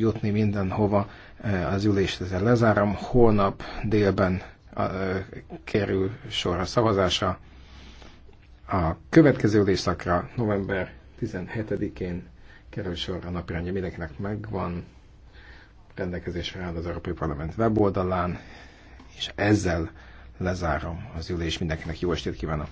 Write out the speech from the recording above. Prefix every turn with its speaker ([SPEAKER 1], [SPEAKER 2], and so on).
[SPEAKER 1] jutni mindenhova, e, az ülést ezzel lezárom. Holnap délben e, kerül sor a szavazásra. A következő ülésszakra november 17-én kerül sor a napirendje mindenkinek megvan. Rendelkezésre áll az Európai Parlament weboldalán, és ezzel lezárom az ülést Mindenkinek jó estét kívánok!